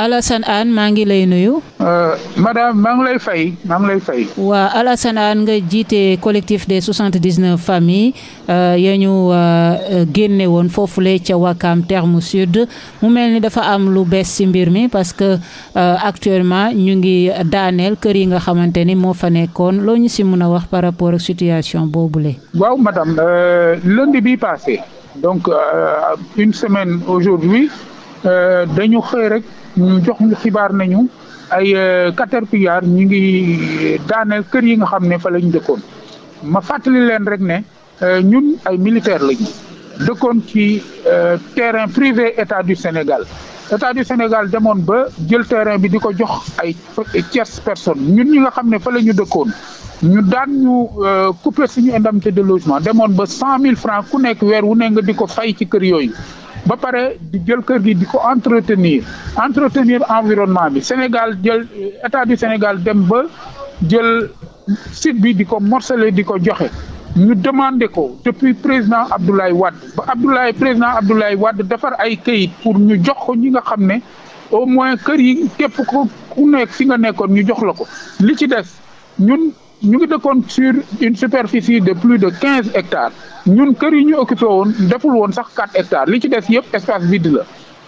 Alassane Hann maa ngi lay nuyu. Euh, madame maa ngi lay fay maa ngi lay waa Alassane Hann nga jiite collectif des soixante-dix-neuf familles euh, ya ñu euh, génne woon foofule ca Wakam Terme Sud mu mel ni dafa am lu bees ci mbir mi parce que euh, actuellement ñu ngi daaneel kër yi nga xamante ni moo fa nekkoon loo ñu si mun a wax par rapport ak situation boobule. waaw madame euh, lundi bi passé donc une semaine aujourd'hui Euh, dañu xëy rek ñu jox ñu xibaar nañu ay caterpillar euh, ñu ngi daaneel kër yi nga xam ne fa lañu dëkkoon ma fàttali leen rek ne euh, ñun ay militaire lañu dëkkoon ci terrain privé état du Sénégal état du Sénégal demoon ba jël terrain bi di ko jox ay tierce personne ñun ñi nga xam ne fa la ñu dëkkoon ñu daan ñu couper suñu indemnité de logement demoon ba cent mille francs ku nekk weer wu ne nga di ko fay ci kër yooyu ba pare di jël kër gi di ko entretenir entretenir environnement bi Sénégal jël état du Sénégal dem ba jël site bi di ko morceler di ko joxe ñu demandé ko depuis président Abdoulaye Wade ba Abdoulaye président Abdoulaye Wade defar ay këyit pour ñu jox ko ñi nga xam ne au moins kër yi képp ku nekk fi nga nekkoon ñu jox la ko li ci des ñun. ñu ngi dëkkoon sur une superficie de plus de quinze hectares ñun kër yi ñu occupé woon deful woon sax quatre hectares li ci des yëpp espace vide la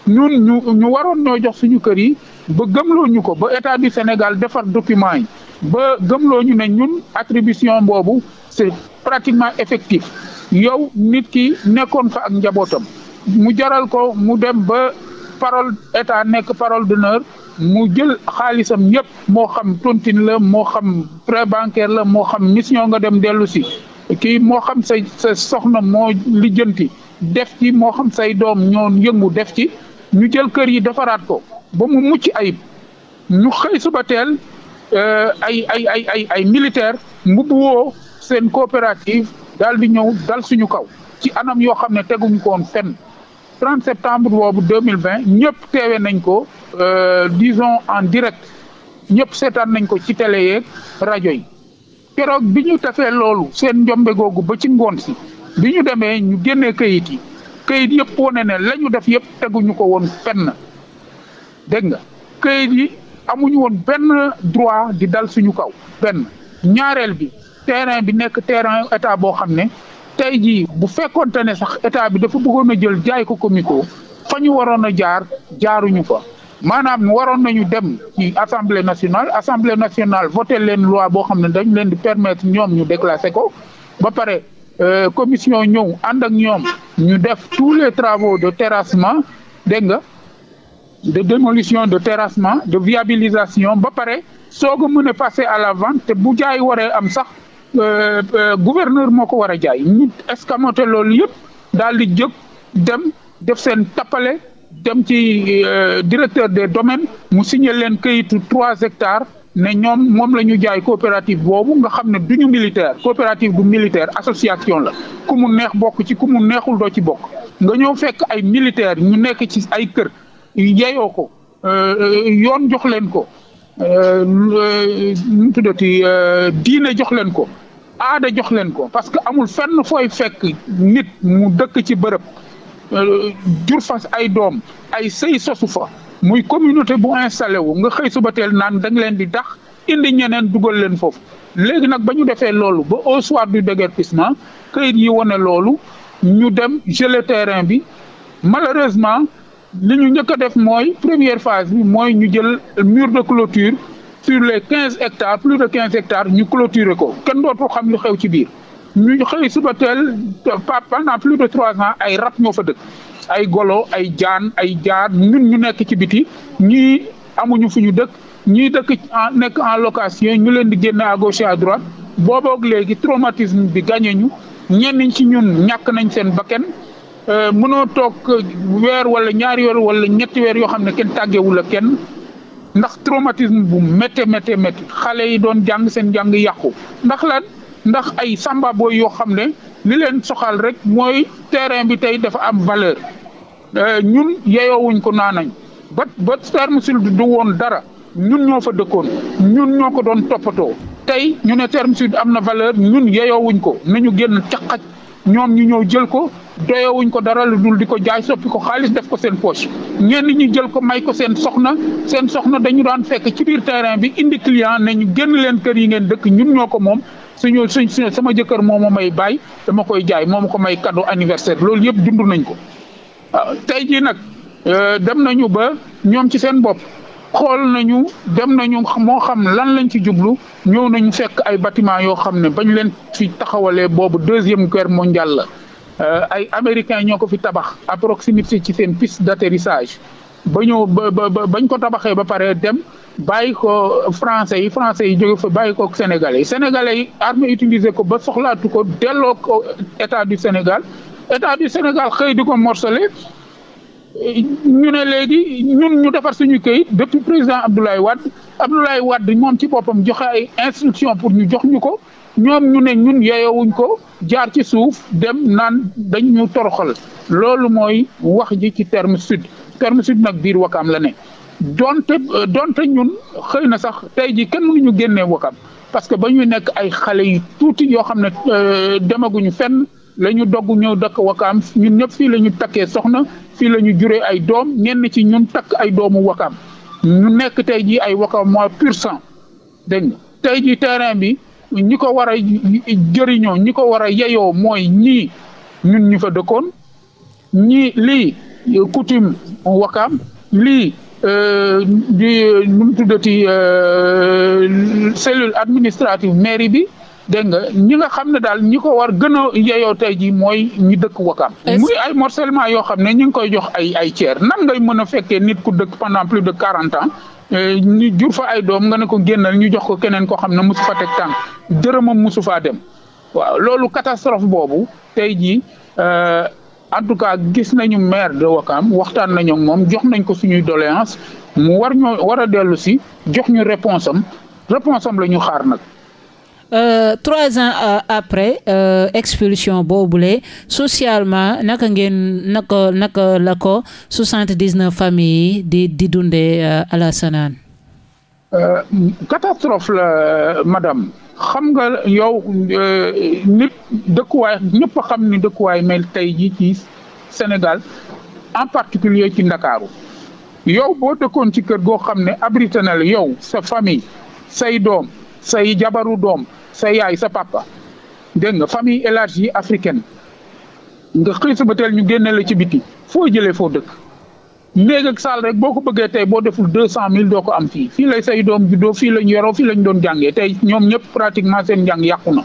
ñun ñu ñu waroon ñoo jox suñu kër yi ba gëmloo ñu ko ba état du Sénégal defar document yi ba gëmloo ñu ne ñun attribution boobu c'est pratiquement effectif yow nit ki nekkoon fa ak njabootam mu jaral ko mu dem ba. parole état nekk parole d'honneur mu jël xaalisam yëpp moo xam tontine la moo xam prêt bancaire la moo xam mission nga dem dellusi si moo xam sa soxna moo lijjanti def ci moo xam say doom ñoo yëngu def ci ñu jël kër yi defaraat ko ba mu mucc ayib ñu xëy suba teel euh, ay ay ay ay ay militaire mbubb seen coopérative daal di ñëw dal suñu kaw ci anam yoo xam ne teguñu ko woon 30 septembre boobu 2020 ñëpp teewe nañ ko euh, disons en direct ñëpp seetaan nañ ko ci tele yeeg rajo yi keroog bi ñu tafee loolu seen njombe googu ba ci ngoon si bi ñu demee ñu génnee kayit yi këyit yëpp wane ne lañu ñu def yëpp teguñu ko woon fenn dégg nga kayit yi amuñu woon benn droit di dal suñu kaw benn ñaareel bi terrain bi nekk terrain état boo xam ne tey jii bu fekkoonte ne sax état bi dafa bëggoon a jël jaay ko comico fa ñu waroon a jaar jaaruñu fa maanaam waroon nañu dem ci assemblée nationale assemblée nationale voté leen loi boo xam ne dañ leen di permettre ñoom ñu déclassé ko ba pare euh, commission ñëw ànd ak ñoom ñu def tous les travaux de terrassement dégg nga de démolition de terrassement de viabilisation ba pare soog a mën a passer à la vente te bu jaay waree am sax Euh, euh, gouverneur moo ko war a jaay ñu escamoté loolu yëpp daal di jóg dem def seen tappale dem ci euh, directeur de domaines mu signé leen kayitu trois hectares ne ñoom moom la ñu jaay coopérative boobu nga xam ne du ñu militaire coopérative du militaire association la ku mu neex bokk ci ku mu neexul doo ci bokk nga ñëw fekk ay militaire ñu nekk ci ay kër yeyoo ko yoon jox leen ko nu tuddati diine jox leen ko aada jox leen ko parce que amul fenn fooy fekk nit mu dëkk ci bërëb euh, jur fas ay doom ay sëy sosu fa muy communauté bu installé wu nga xëy suba teel naan da leen di dax indi ñeneen dugal leen foofu léegi nag ba ñu defee loolu ba au soir du déguerpissement këyit yi wane loolu ñu dem geler terrain bi malheureusement li ñu njëkk a def mooy première phase bi mooy ñu jël mur de clôture sur les quinze hectares plus de quinze hectares ñu clôturer ko kenn dootu xam lu xew ci biir ñu xëy suba teel pendant plus de trois ans ay rab ñoo fa dëkk ay golo ay jaan ay jaar ñun ñu nekk ci biti ñii amuñu fu ñu dëkk ñii dëkk en nekk en location ñu leen di génne à gauche à droite léegi traumatisme bi gagné ñu ñenn ci ñun ñàkk nañ seen ba bakken euh, mënoo toog weer wala ñaari weer wala ñetti weer yoo xam ne kenn tàggeewul la kenn ndax traumatisme bu méttee méttee métti xale yi doon jàng seen jàng yàqu ndax lan ndax ay samba booy yoo xam ne li leen soxal rek mooy terrain bi tey dafa am valeur euh, ñun yeyowuñ ko naanañ ba ba Terme-Sud du woon dara ñun ñoo fa dëkkoon ñun ñoo ko doon toppatoo tey ñu ne Terme-Sud am na valeur ñun yeyoowuñ ko nañu génn caqaj ñoom ñu ñëw jël ko doyowuñ ko dara lu dul di ko jaay soppi ko xaalis def ko seen poche ñenn ñu jël ko may ko seen soxna seen soxna dañu daan fekk ci biir terrain bi indi client ne ñu leen kër yi ngeen dëkk ñun ñoo ko moom suñu suñ sama jëkkër moo ma may bàyyi dama koy jaay moo ko may cadeau anniversaire loolu yëpp dund nañ ko ah, tey jii nag euh, dem nañu ba ñoom ci seen bopp xool nañu dem nañu moo xam lan lañ ci jublu ñëw nañ fekk ay bâtiment yoo xam ne bañ leen fi taxawalee boobu deuxième guerre mondiale la Euh, ay américains ñoo ko fi tabax à proximité ci seen piste d'atterrissage ba ñu ba ba bañ ko tabaxee ba pare dem bàyyi ko français yi français yi jóge fa bàyyi ko sénégalais yi sénégalais yi armée ko ba soxlaatu ko delloo ko état du Sénégal état du Sénégal xëy di ko morcelé ñu ne léegi ñun ñu defar suñu këyit depuis président Abdoulaye Wade Abdoulaye Wade moom ci boppam joxe ay instruction pour ñu jox ñu ko ñoom ñu ne ñun yeyowuñ ko jaar ci suuf dem naan dañ ñu toroxal loolu mooy wax ji ci terme sud terme sud nag biir wakaam la ne donte donte ñun xëy na sax tey ji kenn ñu génnee wakaam parce que ba ñu nekk ay xale yu tuuti yoo xam ne euh, demaguñu fenn la ñu dogg ñëw dëkk wakaam ñun ñëpp fii la ñu takkee soxna fii la ñu juree ay doom ñenn ci ñun takk ay doomu wakaam ñu nekk tey jii ay wakaam mooy pur sang dégg tey jii terrain bi ñi ko war a jëriñoo ñi ko war a yeyoo mooy ñii ñun ñu fa dëkkoon ñii lii coutume wakaam lii euh, di nu mu tuddati euh, cellule administrative mairie bi dégg nga ñi nga xam ne daal ñi ko war gën a yeyoo tey ji mooy ñu dëkk Wakam muy ay morcellement yoo xam ne ñu ngi koy jox ay ay ceer nan ngay mën a fekkee nit ku dëkk pendant plus de quarante ans euh, ñu jur fa ay doom nga ne ko génnal ñu jox ko keneen koo xam ne mosu fa teg tànk dërëmam mosu faa dem waaw loolu catastrophe boobu tey jii euh, en tout cas gis nañu maire de Wakam waxtaan nañu moom jox nañ ko suñuy doléance mu war ñoo war a dellu si jox ñu réponse am la ñu xaar nag Euh, trois ans euh, après euh, expulsion boobule socialement naka ngeen naka naka la ko soixante-dix-neuf familles yi di di dundee Alassane catastrophe la madame xam nga yow nit dëkkuwaay ñëpp xam ni dëkkuwaay mel tey jii ci Sénégal en particulier ci Ndakaaru yow boo dëkkoon ci kër goo xam ne abrité nal la yow sa famille say doom say jabaru doom sa yaay sa papa dégg nga famille élargie africaine nga xëy suba teel ñu génne la ci biti foo jëlee foo dëkk néeg ak saal rek boo ko bëggee tey boo deful deux cent mille doo ko am fii fii lay say doom juddoo fii lañ yoroo fii lañ doon jàngee tey ñoom ñëpp pratiquement seen njàng yàqu na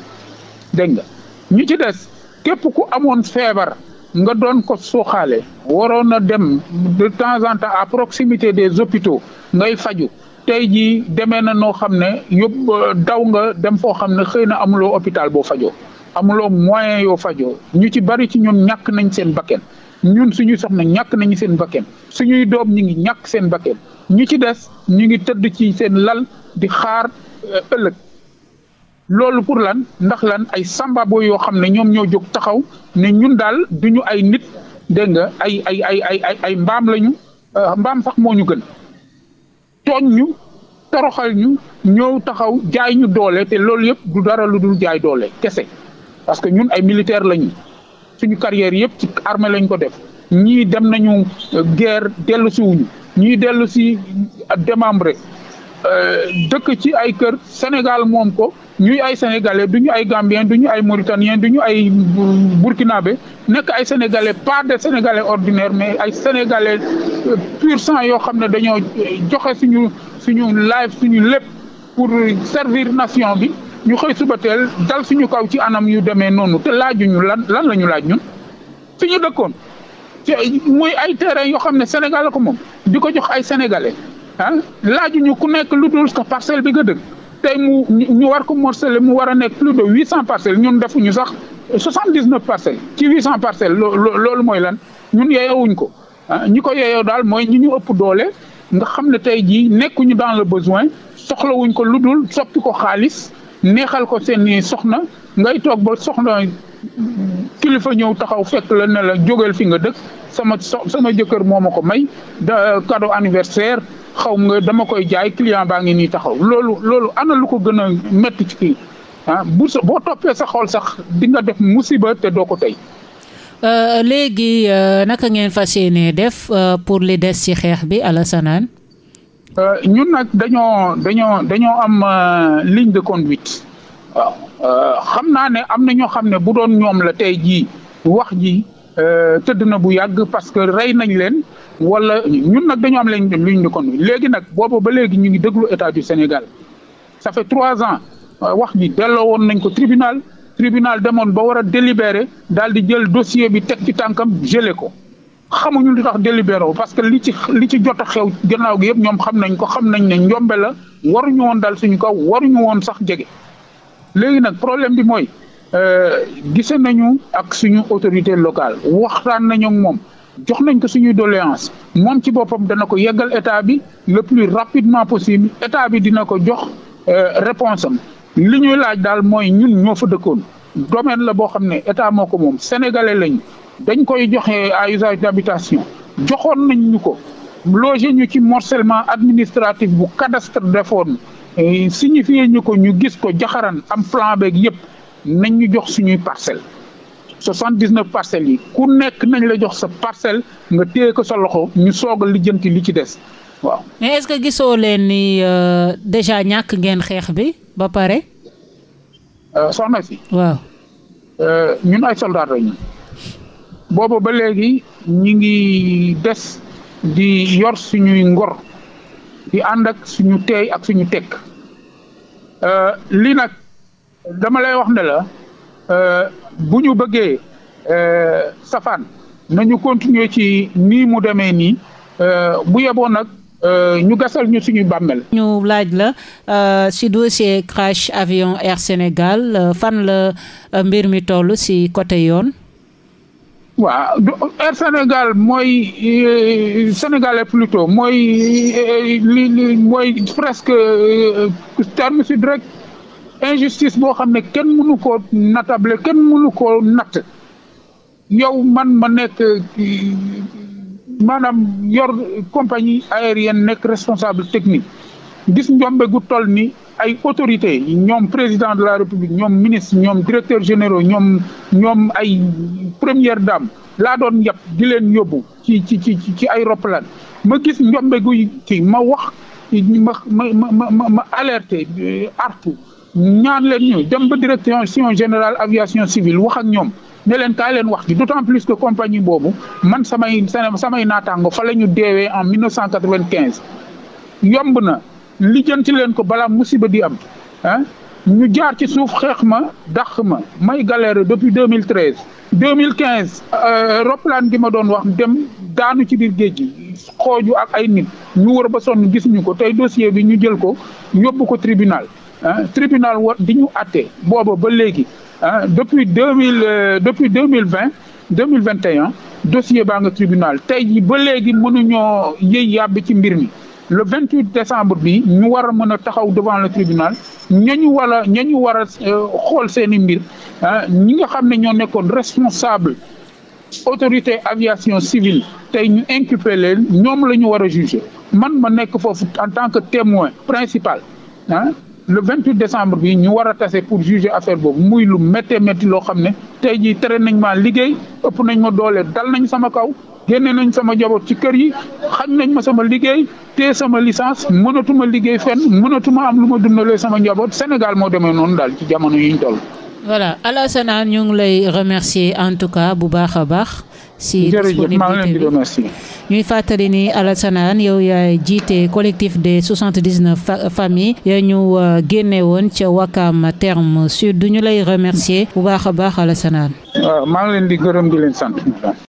dégg nga ñu ci des képp ku amoon feebar nga doon ko suuxaale waroon a dem de temps en temps à proximité des hôpitaux ngay faju tey jii demee na noo xam ne yóbbu euh, daw nga dem foo xam ne xëy na amuloo hôpital boo fajoo amuloo moyen yoo fajoo ñu ci bari ci ñun ñàkk nañ seen bakken ñun suñu soxna ñàkk nañu seen bakken suñuy doom ñu ngi ñàkk seen bakken ñu ci des ñu ngi tëdd ci seen lal di xaar euh, ëllëg loolu pour lan ndax lan ay sambabo yoo xam ne ñoom ñoo jóg taxaw ne ñun daal duñu ay nit dégg nga ay ay ay ay ay mbaam lañu euh, mbaam sax moo ñu gën tooñ ñu toroxal ñu ñëw taxaw jaay ñu doole te loolu yëpp du dara lu dul jaay doole kese parce que ñun ay militaire lañu suñu carrière yëpp ci armée lañ ko def ñii dem nañu euh, guerre dellu si wuñu ñii dellu si démembré Euh, dëkk ci ay kër Sénégal moom ko ñuy ay sénégalais du ñu ay gambien du ñu ay mauritanien du ñu ay burkinabé nekk ay sénégalais pas des sénégalais ordinaire mais ay sénégalais euh, pur sang yoo xam ne dañoo euh, joxe suñu suñu life suñu lépp pour servir nation bi ñu xëy suba dal suñu kaw ci anam yu demee noonu te laajuñu lan lan la ñu laaj ñun fi ñu dëkkoon muy ay terrain yoo xam ne Sénégal la moom di ko jox ay sénégalais. ah laajuñu ku nekk lu dul parcelle bi nga dëkk tey mu ñu war ko morceler mu war a nekk plus de huit cent parcelle ñun defuñu sax soixante dix neuf parcelles ci huit cent parcelle loolu mooy lan ñun wuñ ko ah ñi ko yeyoo daal mooy ñi ñu ëpp doole nga xam ne tey jii nekkuñu dans le besoin soxlawuñ ko lu dul soppi ko xaalis neexal ko seen soxna ngay toog ba soxna kilifa ñëw taxaw fekk la ne la jógal fi nga dëkk sama so sama jëkkër moom ma ko may da cadeau anniversaire xaw nga dama koy jaay client baa ngi nii taxaw loolu loolu ana lu ko gën a ci kii ah bu so boo toppee sa xol sax di nga def musiba te doo ko tey. Euh, léegi euh, naka ngeen fas yéenee def euh, pour li des ci xeex bi Alassane euh, ñun nag dañoo dañoo dañoo am euh, ligne de conduite waaw xam naa ne am na ñoo xam ne bu doon ñoom la tey jii wax ji tëdd na bu yàgg parce que rey nañ leen wala ñun nag dañu am lañ luñ ñu kon léegi nag boobu ba léegi ñu ngi déglu état du Sénégal ça fait trois ans euh, wax ji delloo woon nañ ko tribunal tribunal demoon ba war a délibéré daal di jël dossier bi teg ci tànkam gelé ko xamuñu lu tax délibéré parce que li ci li ci jot a xew gannaaw gi yëpp ñoom xam nañ ko xam nañ ne njombe la waruñu woon dal suñu kaw waruñu woon sax jege léegi nag problème bi mooy euh, gise nañu ak suñu autorité locale waxtaan nañu moom. jox nañ ko suñuy doléance moom ci boppam dana ko yeggal état bi le plus rapidement possible état bi dina ko jox euh, réponse am li ñuy laaj daal mooy ñun ñoo fa dëkkoon domaine la boo xam ne état moo ko moom sénégalais lañu dañ koy joxe à usage d'habitation joxoon nañ ñu ko logé ñu ci morcellement administratif bu cadastre defoon euh, signifié ñu ko ñu gis ko jaxaran am plan beeg yëpp nañ ñu jox suñuy parcelle 79 parcelles yi ku nekk nañ la jox sa parcelle nga téye ko sa loxo ñu soog a lijjanti li ci des waaw. mais est-ce que gisoo leen ni euh, déjà ñàkk ngeen xeex bi ba pare. Euh, soxna si. waaw. Euh, ñun ay soldat lañu boobu ba léegi ñu ngi des di yor suñuy ngor di ànd ak suñu teey ak suñu tekk lii nag dama lay wax ne la. Euh, bu ñu bëggee euh, safaan nañu continuer ci nii mu demee nii euh, bu yeboon nag ñu gasal ñu suñu bàmmeel. ñu laaj la si dossier crash avion Air Sénégal fan la mbir mi toll si côté yoon. waaw Air Sénégal mooy sénégalais plutôt mooy li li mooy presque terme sud rek. injustice boo xam ne kenn mënu ko natable kenn mënu koo natt yow man ma nekk maanaam yor compagnie aérienne nekk responsable technique gis njombe gu toll ni ay autorités ñoom président de la république ñoom ministre ñoom directeur généraux ñoom ñoom ay première dame laa doon yàpp di leen yóbbu ci ci ci ci ay roppalaan ma gis njombe guy ci ma wax ma ma ma ma alerté euh, artu ñaan leen ñu dem ba direction générale aviation civile wax ak ñoom ne leen kaay leen wax ci d'autant plus que compagnie boobu man samay samay naataango fa la ñu deewee en 1995 yomb na lijjanti leen ko balaa musiba di am ah ñu jaar ci suuf xeex ma dàq ma may galère depuis 2013 2015 euh, roplaan gi ma doon wax dem daanu ci biir géej gi xooju ak ay nit ñu wër ba sonn gis ñu ko tey dossier bi ñu jël ko yóbbu ko tribunal ah tribunal war di ñu àtte booba ba léegi ah depuis deux mille euh, depuis deux mille vingt deux mille vingt et un dossier baa nga tribunal tey ji ba léegi mënuñoo yëy yàbb ci mbir mi le vingt huit décembre bi ñu war mën a taxaw devant le tribunal ñañu wala ñañu war a euh, xool seen i mbir ah ñi nga xam ne ñoo nekkoon responsable autorité aviation civile tey ñu inculpé leen ñoom la ñu war a juger man ma nekk foofu en tant que témoin principal ah le 28 décembre bi ñu war a tase pour juger affaire boobu muy lu méttee métti loo xam ne tey jii tere nañ maa liggéey ëpp nañ ma doole dal nañ sama kaw génne nañ sama njaboot ci kër yi xañ nañ ma sama liggéey te sama licence mënatuma liggéey fenn mënatuma am lu ma dundalee sama njaboot Sénégal moo demee noonu daal ci jamono yi ñu toll. voilà Alassane ñu ngi lay remercier en tout cas bu baax a baax. si disponibilité bi ñuy fàttali ni Alassane Hann yow yaay jiite collectif des soixante dix neuf familles ya ñu euh, génne woon ca Wakam Terme Sud ñu lay remercier bu baax a baax Alassane